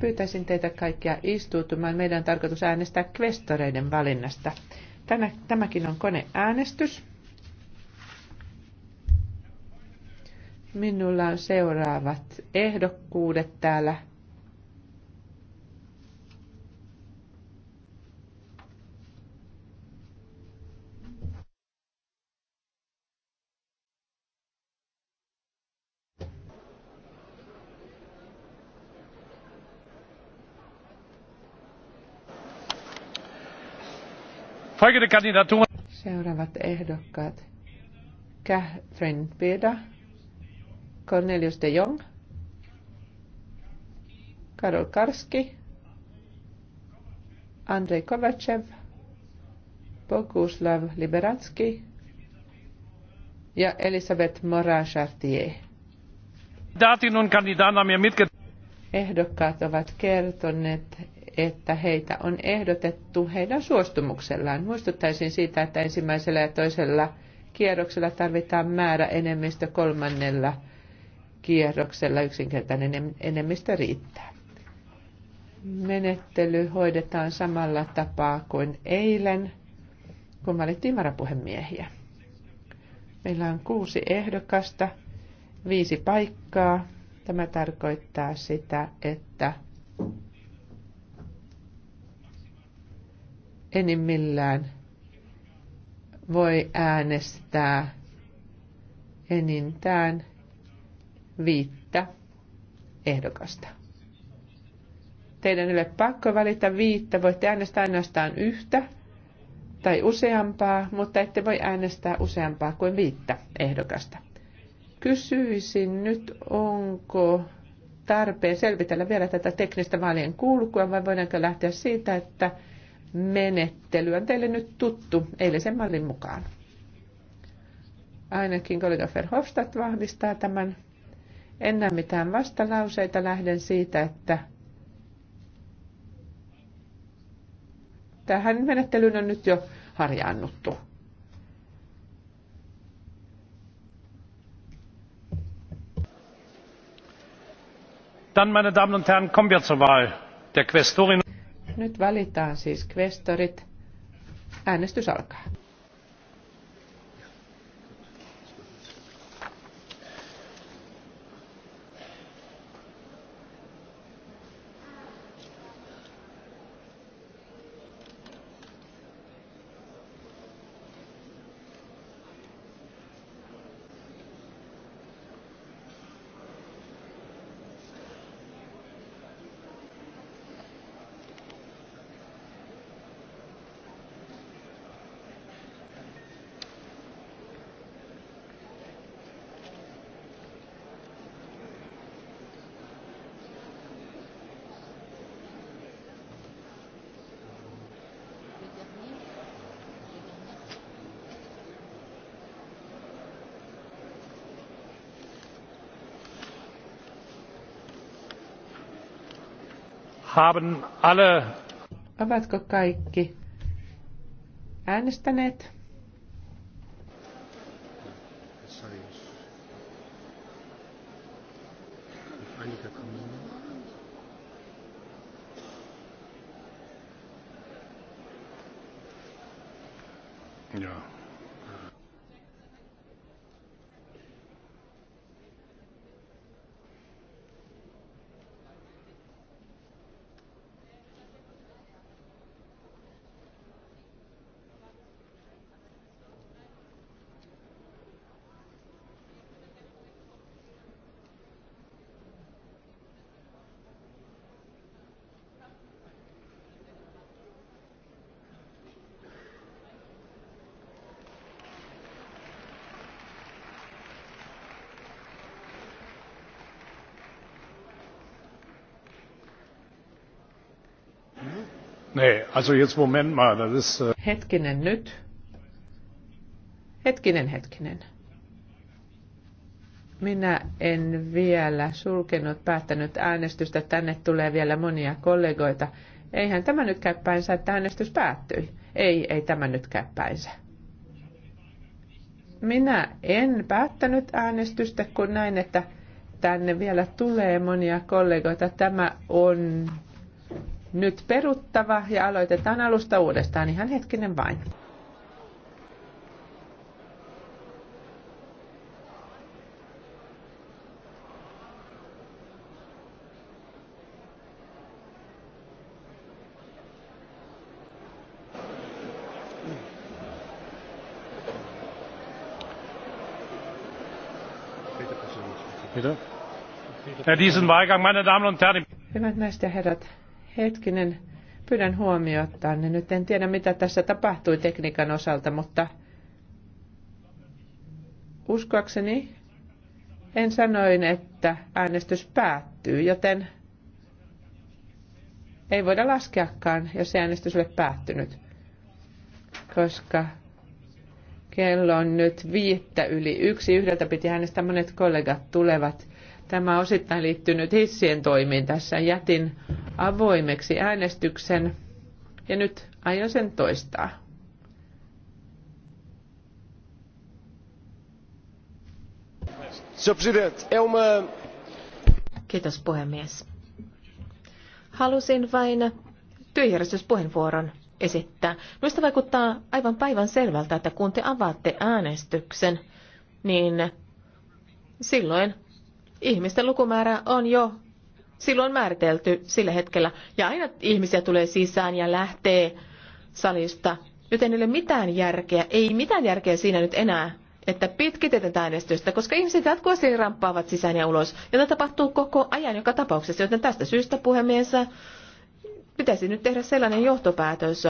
Pyytäisin teitä kaikkia istuutumaan. Meidän on tarkoitus äänestää kvestoreiden valinnasta. Tänä, tämäkin on koneäänestys. Minulla on seuraavat ehdokkuudet täällä. Seuraavat ehdokkaat. Catherine Beda, Cornelius de Jong, Karol Karski, Andrei Kovacev, Boguslav Liberatski ja Elisabeth Morin-Chartier. Ehdokkaat ovat kertoneet, että heitä on ehdotettu heidän suostumuksellaan. Muistuttaisin siitä, että ensimmäisellä ja toisella kierroksella tarvitaan määrä enemmistö, kolmannella kierroksella yksinkertainen enemmistö riittää. Menettely hoidetaan samalla tapaa kuin eilen, kun valittiin varapuhemiehiä. Meillä on kuusi ehdokasta, viisi paikkaa. Tämä tarkoittaa sitä, että enimmillään voi äänestää enintään viittä ehdokasta. Teidän ei ole pakko valita viittä, voitte äänestää ainoastaan yhtä tai useampaa, mutta ette voi äänestää useampaa kuin viittä ehdokasta. Kysyisin nyt, onko tarpeen selvitellä vielä tätä teknistä vaalien kulkua vai voidaanko lähteä siitä, että menettely on teille nyt tuttu eilisen mallin mukaan. Ainakin kollega Verhofstadt vahvistaa tämän. En näe mitään vastalauseita. Lähden siitä, että tähän menettelyyn on nyt jo harjaannuttu. Dann, meine Damen und Herren, kommen wir zur Wahl der Quästorin. Nyt valitaan siis kvestorit. Äänestys alkaa. haben alle Ovatko kaikki äänestäneet? Ja. Nee, also jetzt Moment mal, das ist... Äh... Hetkinen nyt. Hetkinen, hetkinen. Minä en vielä sulkenut, päättänyt äänestystä. Tänne tulee vielä monia kollegoita. Eihän tämä nyt käy päinsä, että äänestys päättyi. Ei, ei tämä nyt käy päinsä. Minä en päättänyt äänestystä, kun näin, että tänne vielä tulee monia kollegoita. Tämä on nyt peruttava ja aloitetaan alusta uudestaan ihan hetkinen vain. Hyvät naiset ja herrat, Hetkinen, pyydän huomiota. Nyt en tiedä, mitä tässä tapahtui tekniikan osalta, mutta uskoakseni en sanoin, että äänestys päättyy, joten ei voida laskeakaan, jos äänestys ole päättynyt, koska kello on nyt viittä yli yksi. Yhdeltä piti äänestää monet kollegat tulevat. Tämä osittain liittynyt hissien toimiin. Tässä jätin avoimeksi äänestyksen ja nyt aion sen toistaa. Kiitos puhemies. Halusin vain tyhjärjestyspuheenvuoron esittää. Minusta vaikuttaa aivan päivän selvältä, että kun te avaatte äänestyksen, niin silloin ihmisten lukumäärä on jo silloin määritelty sillä hetkellä. Ja aina ihmisiä tulee sisään ja lähtee salista, joten ei ole mitään järkeä, ei mitään järkeä siinä nyt enää, että pitkitetään äänestystä, koska ihmiset jatkuvasti ramppaavat sisään ja ulos. Ja tämä tapahtuu koko ajan joka tapauksessa, joten tästä syystä puhemies pitäisi nyt tehdä sellainen johtopäätös,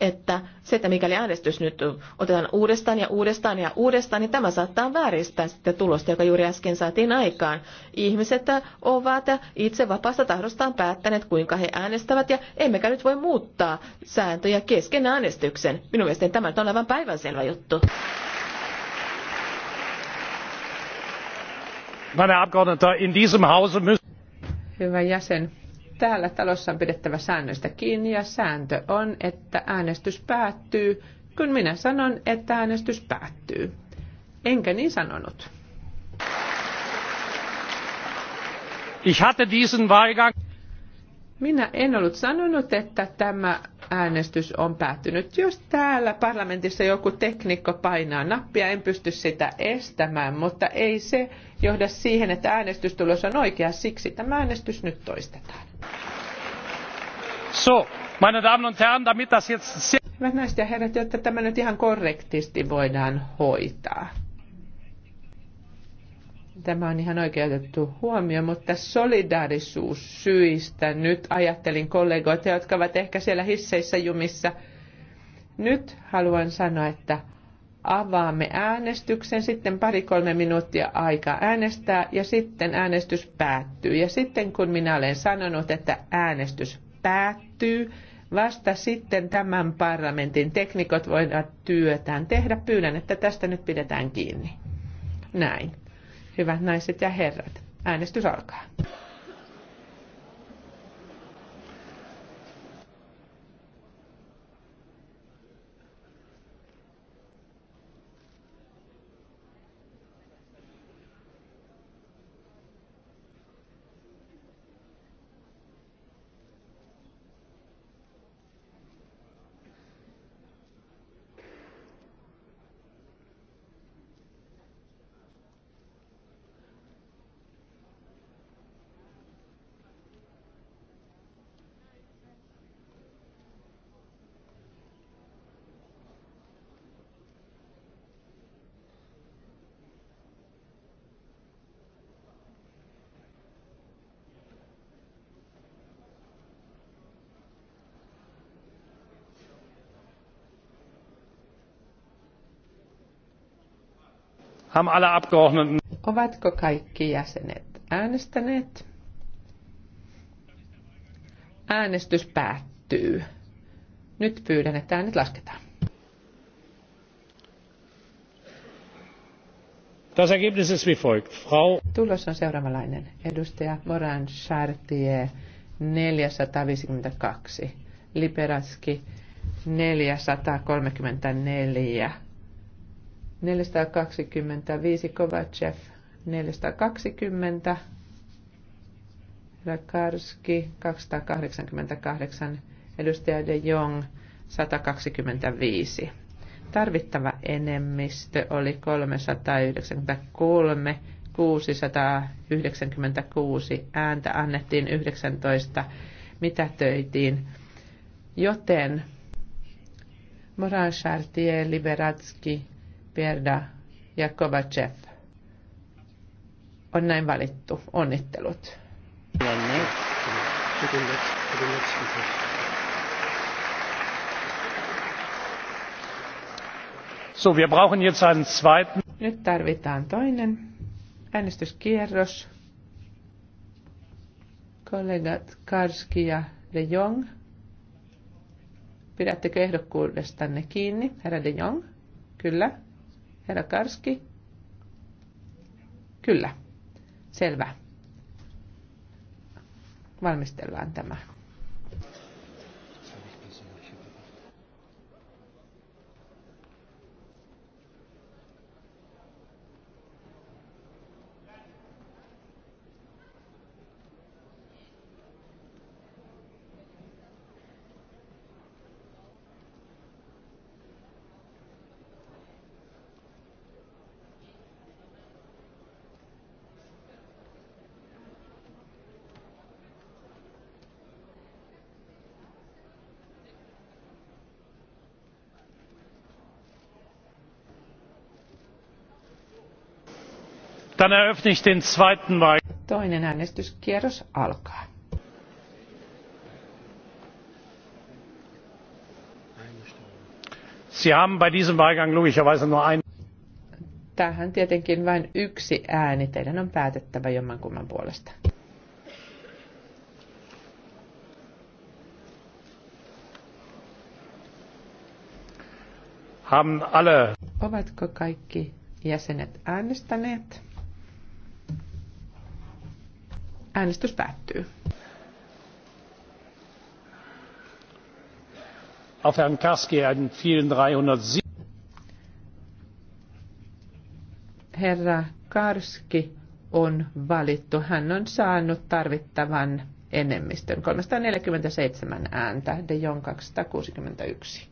että se, että mikäli äänestys nyt otetaan uudestaan ja uudestaan ja uudestaan, niin tämä saattaa vääristää sitä tulosta, joka juuri äsken saatiin aikaan. Ihmiset ovat itse vapaasta tahdostaan päättäneet, kuinka he äänestävät, ja emmekä nyt voi muuttaa sääntöjä kesken äänestyksen. Minun mielestäni tämä on aivan päivänselvä juttu. in diesem Hause müssen... Hyvä jäsen, täällä talossa on pidettävä säännöistä kiinni ja sääntö on, että äänestys päättyy, kun minä sanon, että äänestys päättyy. Enkä niin sanonut. Ich hatte diesen Wahlgang. Minä en ollut sanonut, että tämä äänestys on päättynyt. Jos täällä parlamentissa joku tekniikko painaa nappia, en pysty sitä estämään, mutta ei se johda siihen, että äänestystulos on oikea. Siksi tämä äänestys nyt toistetaan. So, meine Damen und Herren, damit das jetzt... Hyvät naiset ja herrat, jotta tämä nyt ihan korrektisti voidaan hoitaa. Tämä on ihan oikeutettu huomio, mutta solidaarisuus syistä nyt ajattelin kollegoita, jotka ovat ehkä siellä hisseissä jumissa. Nyt haluan sanoa, että avaamme äänestyksen, sitten pari-kolme minuuttia aikaa äänestää ja sitten äänestys päättyy. Ja sitten kun minä olen sanonut, että äänestys päättyy, vasta sitten tämän parlamentin teknikot voivat työtään tehdä. Pyydän, että tästä nyt pidetään kiinni. Näin. Hyvät naiset ja herrat, äänestys alkaa. Ovatko kaikki jäsenet äänestäneet? Äänestys päättyy. Nyt pyydän, että äänet lasketaan. Das Ergebnis ist wie folgt. Frau Tulos on seuraavanlainen. Edustaja Moran Chartier 452. Liberatski 434. 425 Kovacev 420, Rakarski 288, edustaja De Jong 125. Tarvittava enemmistö oli 393, 696 ääntä annettiin 19, mitä töitiin. Joten Moran Chartier, Liberatski, Pierda ja Kovacev on näin valittu. Onnittelut. So, wir brauchen jetzt einen zweiten. Nyt tarvitaan toinen äänestyskierros. Kollegat Karski ja De Jong. Pidättekö ehdokkuudestanne kiinni, herra De Jong? Kyllä. Herra Karski? Kyllä. Selvä. Valmistellaan tämä. Dann eröffne ich den zweiten Toinen äänestyskierros alkaa. Sie haben bei diesem Wahlgang logischerweise nur ein Tähän tietenkin vain yksi ääni. Teidän on päätettävä jommankumman puolesta. Haben alle. Ovatko kaikki jäsenet äänestäneet? Äänestys päättyy. Auf Herrn Kaski einen vielen 307. Herra Karski on valittu. Hän on saanut tarvittavan enemmistön 347 ääntä, De Jong 261.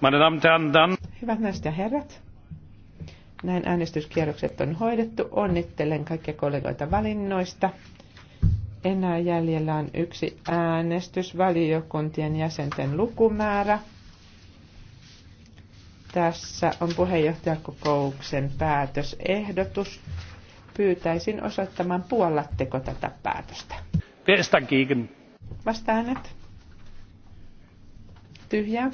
Meine Damen und Herren, dann... Hyvät naiset ja herrat, näin äänestyskierrokset on hoidettu. Onnittelen kaikkia kollegoita valinnoista. Enää jäljellä on yksi äänestys, valiokuntien jäsenten lukumäärä. Tässä on puheenjohtajakokouksen päätösehdotus. Pyytäisin osoittamaan, puollatteko tätä päätöstä. Vastaan Vasta Tyhjää.